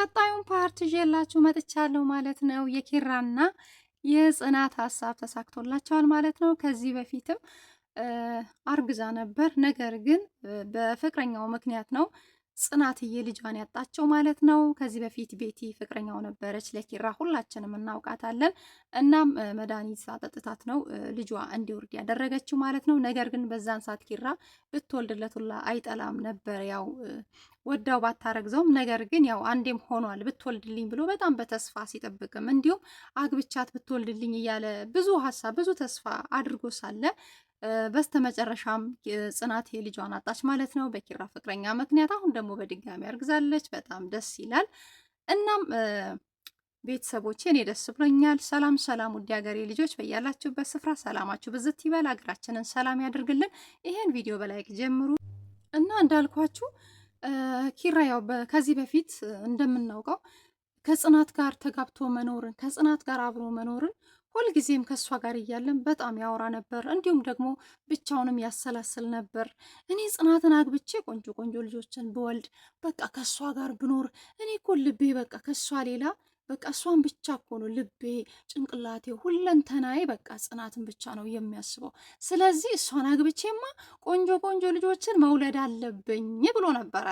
ቀጣዩን ፓርት ይዤላችሁ መጥቻለሁ ማለት ነው። የኪራና የጽናት ሀሳብ ተሳክቶላቸዋል ማለት ነው። ከዚህ በፊትም አርግዛ ነበር፣ ነገር ግን በፍቅረኛው ምክንያት ነው ጽናትዬ ልጇን ያጣቸው ማለት ነው። ከዚህ በፊት ቤቲ ፍቅረኛው ነበረች ለኪራ፣ ሁላችንም እናውቃታለን። እናም መድኃኒት አጠጥታት ነው ልጇ እንዲወርድ ያደረገችው ማለት ነው። ነገር ግን በዛን ሰዓት ኪራ ብትወልድለት ሁላ አይጠላም ነበር ያው ወዳው ባታረግዘውም ነገር ግን ያው አንዴም ሆኗል ብትወልድልኝ ብሎ በጣም በተስፋ ሲጠብቅም እንዲሁም አግብቻት ብትወልድልኝ እያለ ብዙ ሀሳብ ብዙ ተስፋ አድርጎ ሳለ በስተመጨረሻም ጽናት የልጇን አጣች ማለት ነው፣ በኪራ ፍቅረኛ ምክንያት። አሁን ደግሞ በድጋሚ አርግዛለች። በጣም ደስ ይላል። እናም ቤተሰቦች እኔ ደስ ብሎኛል። ሰላም ሰላም፣ ውድ ሀገሬ ልጆች በያላችሁበት ስፍራ ሰላማችሁ ብዝት ይበል፣ ሀገራችንን ሰላም ያደርግልን። ይሄን ቪዲዮ በላይክ ጀምሩ እና እንዳልኳችሁ ኪራ ያው ከዚህ በፊት እንደምናውቀው ከጽናት ጋር ተጋብቶ መኖርን ከጽናት ጋር አብሮ መኖርን ሁልጊዜም ከእሷ ጋር እያለን በጣም ያወራ ነበር። እንዲሁም ደግሞ ብቻውንም ያሰላስል ነበር። እኔ ጽናትን አግብቼ ቆንጆ ቆንጆ ልጆችን ብወልድ በቃ ከእሷ ጋር ብኖር እኔ እኮ ልቤ በቃ ከእሷ ሌላ በቃ እሷን ብቻ እኮ ነው ልቤ፣ ጭንቅላቴ፣ ሁለንተናዬ በቃ ጽናትን ብቻ ነው የሚያስበው። ስለዚህ እሷን አግብቼማ ቆንጆ ቆንጆ ልጆችን መውለድ አለብኝ ብሎ ነበረ።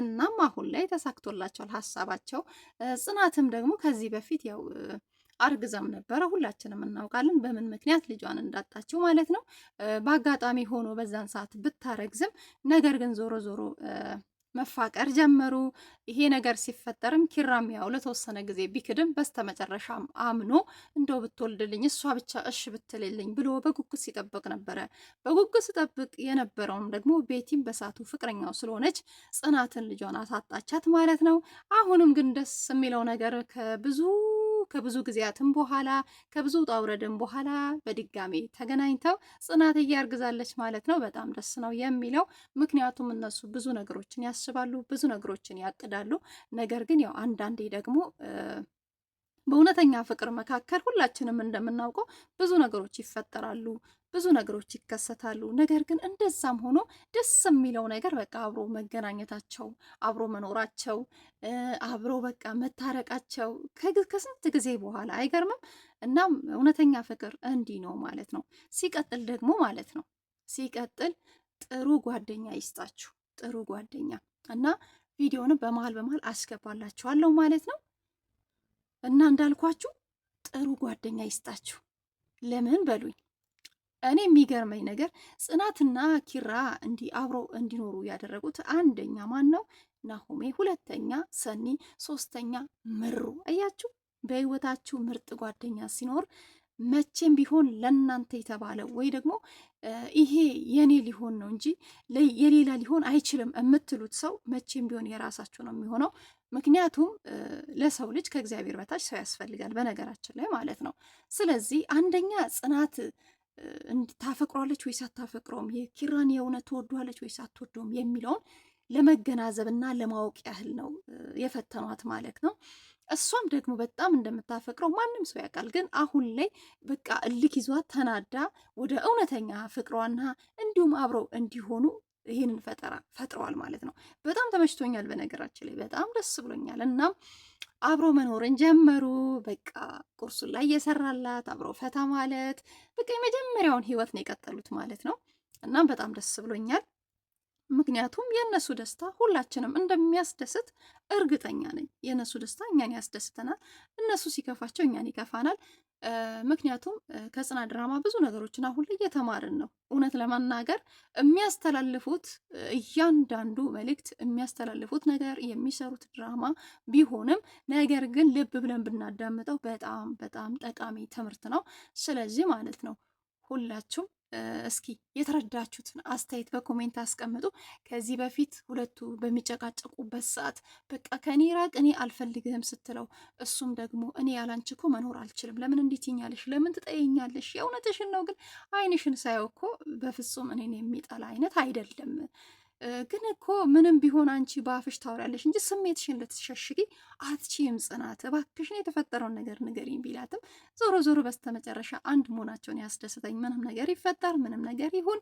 እናም አሁን ላይ ተሳክቶላቸዋል ሀሳባቸው። ጽናትም ደግሞ ከዚህ በፊት ያው አርግዛም ነበረ። ሁላችንም እናውቃለን በምን ምክንያት ልጇን እንዳጣችው ማለት ነው። በአጋጣሚ ሆኖ በዛን ሰዓት ብታረግዝም ነገር ግን ዞሮ ዞሮ መፋቀር ጀመሩ። ይሄ ነገር ሲፈጠርም ኪራም ያው ለተወሰነ ጊዜ ቢክድም በስተመጨረሻም አምኖ እንደው ብትወልድልኝ እሷ ብቻ እሽ ብትልልኝ ብሎ በጉጉት ሲጠብቅ ነበረ። በጉጉት ሲጠብቅ የነበረውም ደግሞ ቤቲም በሳቱ ፍቅረኛው ስለሆነች ጽናትን ልጇን አሳጣቻት ማለት ነው። አሁንም ግን ደስ የሚለው ነገር ከብዙ ከብዙ ጊዜያትም በኋላ ከብዙ ውጣ በኋላ በድጋሜ ተገናኝተው ጽናት እያርግዛለች ማለት ነው። በጣም ደስ ነው የሚለው ምክንያቱም እነሱ ብዙ ነገሮችን ያስባሉ፣ ብዙ ነገሮችን ያቅዳሉ። ነገር ግን ያው አንዳንዴ ደግሞ በእውነተኛ ፍቅር መካከል ሁላችንም እንደምናውቀው ብዙ ነገሮች ይፈጠራሉ። ብዙ ነገሮች ይከሰታሉ። ነገር ግን እንደዛም ሆኖ ደስ የሚለው ነገር በቃ አብሮ መገናኘታቸው፣ አብሮ መኖራቸው፣ አብሮ በቃ መታረቃቸው ከስንት ጊዜ በኋላ አይገርምም። እናም እውነተኛ ፍቅር እንዲህ ነው ማለት ነው። ሲቀጥል ደግሞ ማለት ነው ሲቀጥል ጥሩ ጓደኛ ይስጣችሁ። ጥሩ ጓደኛ እና ቪዲዮንም በመሀል በመሀል አስገባላችኋለሁ ማለት ነው እና እንዳልኳችሁ ጥሩ ጓደኛ ይስጣችሁ። ለምን በሉኝ እኔ የሚገርመኝ ነገር ጽናትና ኪራ እንዲህ አብረው እንዲኖሩ ያደረጉት አንደኛ ማን ነው? ናሆሜ፣ ሁለተኛ ሰኒ፣ ሶስተኛ ምሩ። እያችሁ በህይወታችሁ ምርጥ ጓደኛ ሲኖር መቼም ቢሆን ለእናንተ የተባለ ወይ ደግሞ ይሄ የኔ ሊሆን ነው እንጂ የሌላ ሊሆን አይችልም የምትሉት ሰው መቼም ቢሆን የራሳችሁ ነው የሚሆነው። ምክንያቱም ለሰው ልጅ ከእግዚአብሔር በታች ሰው ያስፈልጋል፣ በነገራችን ላይ ማለት ነው። ስለዚህ አንደኛ ጽናት ታፈቅሯለች ወይስ አታፈቅረውም፣ የኪራን የእውነት ትወዷለች ወይስ አትወደውም የሚለውን ለመገናዘብና ለማወቅ ያህል ነው የፈተኗት ማለት ነው። እሷም ደግሞ በጣም እንደምታፈቅረው ማንም ሰው ያውቃል። ግን አሁን ላይ በቃ እልክ ይዟት ተናዳ ወደ እውነተኛ ፍቅሯና እንዲሁም አብረው እንዲሆኑ ይህንን ፈጠራ ፈጥረዋል ማለት ነው። በጣም ተመችቶኛል፣ በነገራችን ላይ በጣም ደስ ብሎኛል። እናም አብሮ መኖርን ጀመሩ። በቃ ቁርሱን ላይ እየሰራላት አብሮ ፈታ ማለት በቃ የመጀመሪያውን ህይወት ነው የቀጠሉት ማለት ነው። እናም በጣም ደስ ብሎኛል። ምክንያቱም የእነሱ ደስታ ሁላችንም እንደሚያስደስት እርግጠኛ ነኝ። የእነሱ ደስታ እኛን ያስደስተናል፣ እነሱ ሲከፋቸው እኛን ይከፋናል። ምክንያቱም ከጽናት ድራማ ብዙ ነገሮችን አሁን ላይ እየተማርን ነው። እውነት ለመናገር የሚያስተላልፉት እያንዳንዱ መልእክት የሚያስተላልፉት ነገር የሚሰሩት ድራማ ቢሆንም ነገር ግን ልብ ብለን ብናዳምጠው በጣም በጣም ጠቃሚ ትምህርት ነው። ስለዚህ ማለት ነው ሁላችሁም እስኪ የተረዳችሁትን አስተያየት በኮሜንት አስቀምጡ። ከዚህ በፊት ሁለቱ በሚጨቃጨቁበት ሰዓት በቃ ከኔ ራቅ፣ እኔ አልፈልግህም ስትለው እሱም ደግሞ እኔ ያላንቺ እኮ መኖር አልችልም፣ ለምን እንዴት ይኛለሽ? ለምን ትጠይኛለሽ? የእውነትሽን ነው ግን አይንሽን ሳየው እኮ በፍጹም እኔን የሚጠላ አይነት አይደለም ግን እኮ ምንም ቢሆን አንቺ በአፍሽ ታወራለሽ እንጂ ስሜትሽን ልትሸሽጊ አትችይም። ጽናት እባክሽን የተፈጠረውን ነገር ንገሪኝ ቢላትም ዞሮ ዞሮ በስተመጨረሻ አንድ መሆናቸውን ያስደስተኝ። ምንም ነገር ይፈጠር ምንም ነገር ይሁን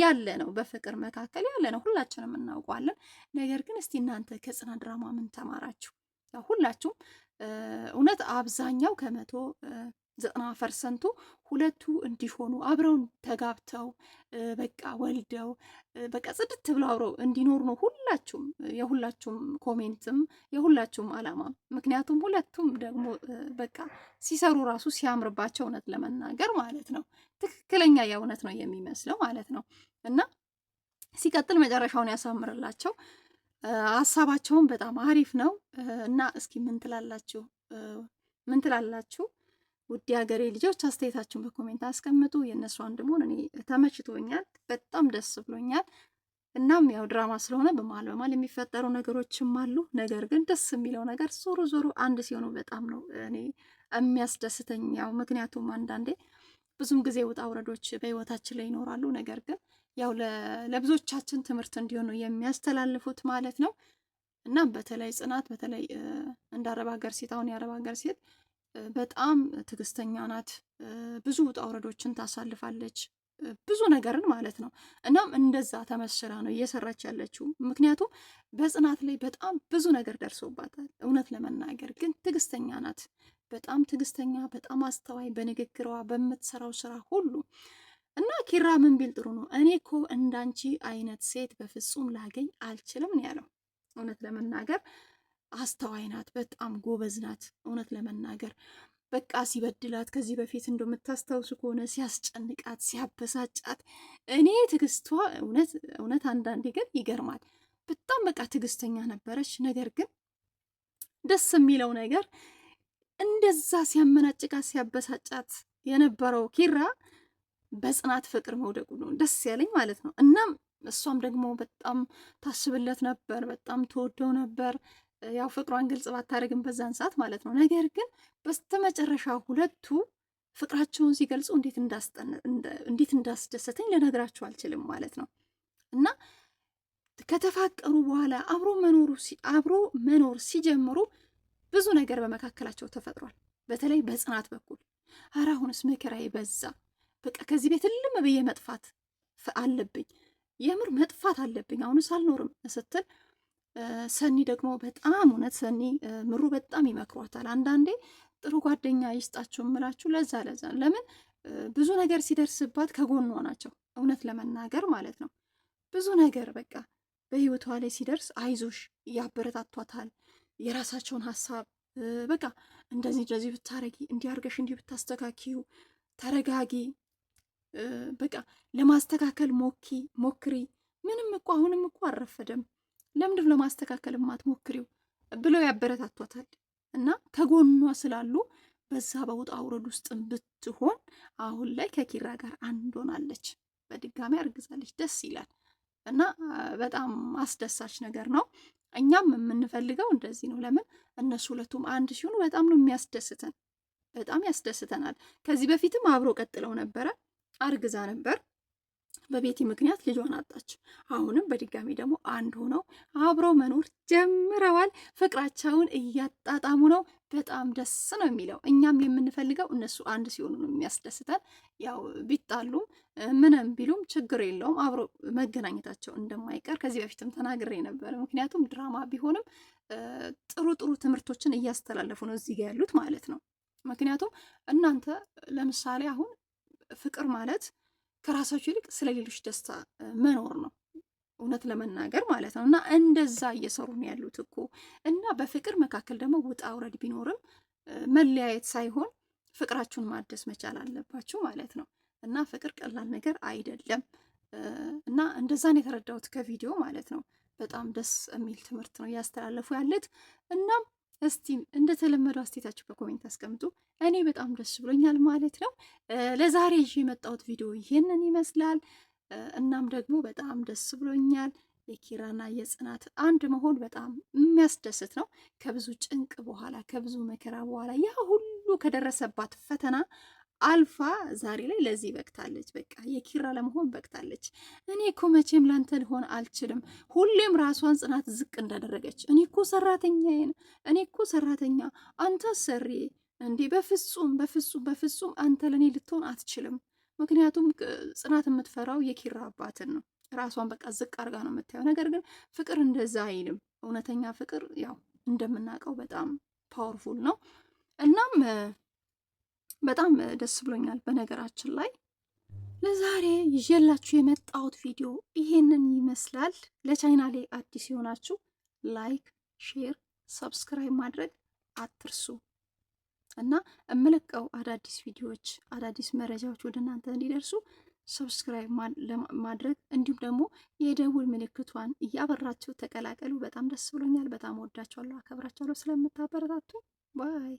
ያለ ነው፣ በፍቅር መካከል ያለ ነው፣ ሁላችንም እናውቀዋለን። ነገር ግን እስቲ እናንተ ከጽናት ድራማ ምን ተማራችሁ? ሁላችሁም እውነት አብዛኛው ከመቶ ዘጠና ፐርሰንቱ ሁለቱ እንዲሆኑ አብረው ተጋብተው በቃ ወልደው በቃ ጽድት ብለው አብረው እንዲኖሩ ነው ሁላችሁም የሁላችሁም ኮሜንትም የሁላችሁም አላማ። ምክንያቱም ሁለቱም ደግሞ በቃ ሲሰሩ ራሱ ሲያምርባቸው እውነት ለመናገር ማለት ነው ትክክለኛ የእውነት ነው የሚመስለው ማለት ነው። እና ሲቀጥል መጨረሻውን ያሳምርላቸው። ሀሳባቸውን በጣም አሪፍ ነው እና እስኪ ምን ትላላችሁ? ምን ትላላችሁ? ውድ ሀገሬ ልጆች አስተያየታችሁን በኮሜንት አስቀምጡ። የእነሱ አንድ መሆን እኔ ተመችቶኛል፣ በጣም ደስ ብሎኛል። እናም ያው ድራማ ስለሆነ በመሀል በመሀል የሚፈጠሩ ነገሮችም አሉ። ነገር ግን ደስ የሚለው ነገር ዞሮ ዞሮ አንድ ሲሆኑ በጣም ነው እኔ የሚያስደስተኝ። ያው ምክንያቱም አንዳንዴ ብዙም ጊዜ ውጣ ውረዶች በህይወታችን ላይ ይኖራሉ። ነገር ግን ያው ለብዙዎቻችን ትምህርት እንዲሆኑ የሚያስተላልፉት ማለት ነው። እናም በተለይ ጽናት በተለይ እንደ አረብ ሀገር ሴት አሁን የአረብ ሀገር ሴት በጣም ትዕግስተኛ ናት። ብዙ ውጣ ውረዶችን ታሳልፋለች፣ ብዙ ነገርን ማለት ነው። እናም እንደዛ ተመስላ ነው እየሰራች ያለችው። ምክንያቱም በጽናት ላይ በጣም ብዙ ነገር ደርሶባታል። እውነት ለመናገር ግን ትዕግስተኛ ናት፣ በጣም ትዕግስተኛ፣ በጣም አስተዋይ በንግግሯ፣ በምትሰራው ስራ ሁሉ እና ኪራ ምን ቢል ጥሩ ነው? እኔ እኮ እንዳንቺ አይነት ሴት በፍጹም ላገኝ አልችልም ነው ያለው እውነት ለመናገር አስተዋይ ናት፣ በጣም ጎበዝ ናት። እውነት ለመናገር በቃ ሲበድላት ከዚህ በፊት እንደምታስታውሱ ከሆነ ሲያስጨንቃት፣ ሲያበሳጫት እኔ ትዕግስቷ እውነት እውነት አንዳንዴ ግን ይገርማል። በጣም በቃ ትዕግስተኛ ነበረች። ነገር ግን ደስ የሚለው ነገር እንደዛ ሲያመናጭቃት፣ ሲያበሳጫት የነበረው ኪራ በጽናት ፍቅር መውደቁ ነው ደስ ያለኝ ማለት ነው። እናም እሷም ደግሞ በጣም ታስብለት ነበር፣ በጣም ትወደው ነበር። ያው ፍቅሯን ግልጽ ባታደርግም በዛን ሰዓት ማለት ነው። ነገር ግን በስተመጨረሻ ሁለቱ ፍቅራቸውን ሲገልጹ እንዴት እንዳስደሰተኝ ልነግራችሁ አልችልም ማለት ነው እና ከተፋቀሩ በኋላ አብሮ መኖሩ አብሮ መኖር ሲጀምሩ ብዙ ነገር በመካከላቸው ተፈጥሯል። በተለይ በጽናት በኩል ኧረ አሁንስ መከራዬ በቃ ከዚህ ቤት ልም ብዬ መጥፋት አለብኝ፣ የምር መጥፋት አለብኝ፣ አሁንስ አልኖርም ስትል ሰኒ ደግሞ በጣም እውነት ሰኒ ምሩ በጣም ይመክሯታል። አንዳንዴ ጥሩ ጓደኛ ይስጣችሁ ምላችሁ ለዛ ለዛ ለምን ብዙ ነገር ሲደርስባት ከጎኗ ናቸው። እውነት ለመናገር ማለት ነው ብዙ ነገር በቃ በህይወቷ ላይ ሲደርስ አይዞሽ ያበረታቷታል። የራሳቸውን ሀሳብ በቃ እንደዚህ እንደዚህ ብታረጊ እንዲያርገሽ እንዲህ ብታስተካኪው ተረጋጊ፣ በቃ ለማስተካከል ሞኪ ሞክሪ። ምንም እኮ አሁንም እኮ አልረፈደም ለምንድን ለማስተካከል የማትሞክሪው ብለው ያበረታቷታል። እና ከጎኗ ስላሉ በዛ በውጣ አውረድ ውስጥ ብትሆን አሁን ላይ ከኪራ ጋር አንድ ሆናለች። በድጋሚ አርግዛለች። ደስ ይላል እና በጣም አስደሳች ነገር ነው። እኛም የምንፈልገው እንደዚህ ነው። ለምን እነሱ ሁለቱም አንድ ሲሆኑ በጣም ነው የሚያስደስተን፣ በጣም ያስደስተናል። ከዚህ በፊትም አብሮ ቀጥለው ነበረ፣ አርግዛ ነበር በቤቲ ምክንያት ልጇን አጣች። አሁንም በድጋሚ ደግሞ አንድ ሆነው አብረው መኖር ጀምረዋል። ፍቅራቸውን እያጣጣሙ ነው። በጣም ደስ ነው የሚለው። እኛም የምንፈልገው እነሱ አንድ ሲሆኑ ነው የሚያስደስተን። ያው ቢጣሉም ምንም ቢሉም ችግር የለውም አብሮ መገናኘታቸው እንደማይቀር ከዚህ በፊትም ተናግሬ ነበረ። ምክንያቱም ድራማ ቢሆንም ጥሩ ጥሩ ትምህርቶችን እያስተላለፉ ነው እዚህ ጋ ያሉት ማለት ነው። ምክንያቱም እናንተ ለምሳሌ አሁን ፍቅር ማለት ከራሳቸው ይልቅ ስለ ሌሎች ደስታ መኖር ነው እውነት ለመናገር ማለት ነው። እና እንደዛ እየሰሩ ነው ያሉት እኮ እና በፍቅር መካከል ደግሞ ውጣ ውረድ ቢኖርም መለያየት ሳይሆን ፍቅራችሁን ማደስ መቻል አለባችሁ ማለት ነው። እና ፍቅር ቀላል ነገር አይደለም። እና እንደዛን የተረዳሁት ከቪዲዮ ማለት ነው። በጣም ደስ የሚል ትምህርት ነው እያስተላለፉ ያለት እናም እስቲ እንደተለመደው አስቴታችሁ በኮሜንት አስቀምጡ። እኔ በጣም ደስ ብሎኛል ማለት ነው። ለዛሬ ይዤ የመጣሁት ቪዲዮ ይህንን ይመስላል። እናም ደግሞ በጣም ደስ ብሎኛል። የኪራና የጽናት አንድ መሆን በጣም የሚያስደስት ነው። ከብዙ ጭንቅ በኋላ ከብዙ መከራ በኋላ ያ ሁሉ ከደረሰባት ፈተና አልፋ ዛሬ ላይ ለዚህ በቅታለች። በቃ የኪራ ለመሆን በቅታለች። እኔ እኮ መቼም ላንተ ልሆን አልችልም። ሁሌም ራሷን ጽናት ዝቅ እንዳደረገች እኔ እኮ ሰራተኛዬን እኔ እኮ ሰራተኛ አንተ ሰሪ እንዴ! በፍጹም በፍጹም በፍጹም አንተ ለእኔ ልትሆን አትችልም። ምክንያቱም ጽናት የምትፈራው የኪራ አባትን ነው። ራሷን በቃ ዝቅ አድርጋ ነው የምታየው። ነገር ግን ፍቅር እንደዛ አይልም። እውነተኛ ፍቅር ያው እንደምናውቀው በጣም ፓወርፉል ነው። እናም በጣም ደስ ብሎኛል። በነገራችን ላይ ለዛሬ ይዤላችሁ የመጣሁት ቪዲዮ ይሄንን ይመስላል። ላይ አዲስ የሆናችሁ ላይክ፣ ሼር፣ ሰብስክራይብ ማድረግ አትርሱ እና እምለቀው አዳዲስ ቪዲዮዎች፣ አዳዲስ መረጃዎች ወደ እናንተ እንዲደርሱ ሰብስክራይብ ማድረግ እንዲሁም ደግሞ የደውል ምልክቷን እያበራችሁ ተቀላቀሉ። በጣም ደስ ብሎኛል። በጣም ወዳችኋለሁ፣ አከብራችኋለሁ ስለምታበረታቱ ባይ